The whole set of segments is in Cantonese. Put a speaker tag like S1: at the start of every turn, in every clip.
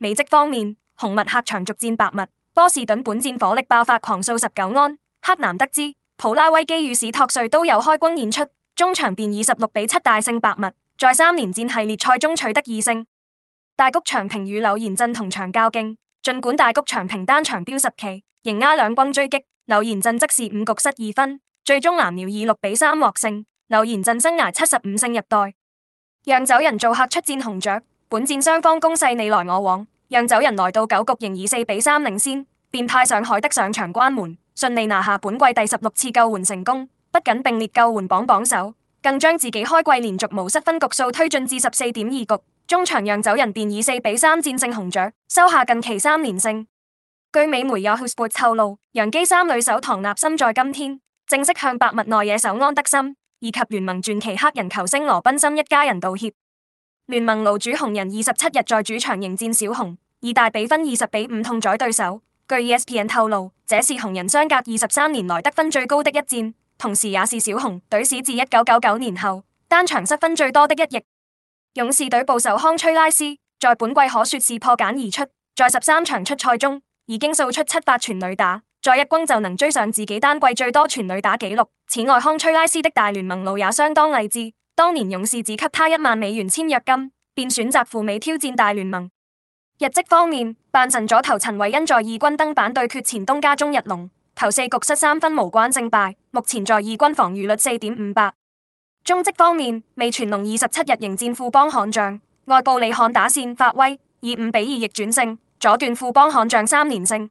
S1: 美職方面，紅襪客場逐戰白襪，波士頓本戰火力爆發，狂掃十九安。黑南德茲普拉威基與史托瑞都有開轟演出，中場便以十六比七大勝白襪，在三連戰系列賽中取得二勝。大谷翔平與柳賢振同場較勁，盡管大谷翔平單場飆十 K，仍挨兩轟狙擊。柳賢振則是五局失二分，最終藍鳥以六比三獲勝。柳賢振生涯七十五勝入袋，釀酒人做客出戰紅雀，本戰雙方攻勢你來我往。讓走人來到九局仍以四比三領先，變態上海德上場關門，順利拿下本季第十六次救援成功，不僅並列救援榜榜首，更將自己開季連續無失分局數推進至十四點二局。中場讓走人便以四比三戰勝紅雀，收下近期三連勝。據美媒有 HoopSpot 透露，揚基三壘手唐納森在今天正式向白襪內野手安德森以及聯盟傳奇黑人球星羅賓森一家人道歉。聯盟爐主紅人二十七日在主場迎戰小紅，以大比分二十比五痛宰對手。據 ESPN 透露，這是紅人相隔二十三年來得分最高的一戰，同時也是小紅隊史自一九九九年後單場失分最多的一役。勇士隊捕手康崔拉斯，在本季可說是破繭而出，在十三場出賽中，已經掃出七發全壘打，再一轟就能追上自己單季最多全壘打紀錄。此外，康崔拉斯的大聯盟路也相當勵志。當年勇士只給他一萬美元簽約金，便選擇赴美挑戰大聯盟。日職方面，半神左投陳偉殷在二軍登板對決前東家中日龍，投四局失三分，無關勝敗。目前在二軍防禦率四點五八。中職方面，味全龍二十七日迎戰富邦悍將，外爆李漢打線發威，以五比二逆轉勝，阻斷富邦悍將三連勝。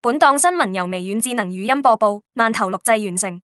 S1: 本檔新聞由微軟智能語音播報，慢投錄製完成。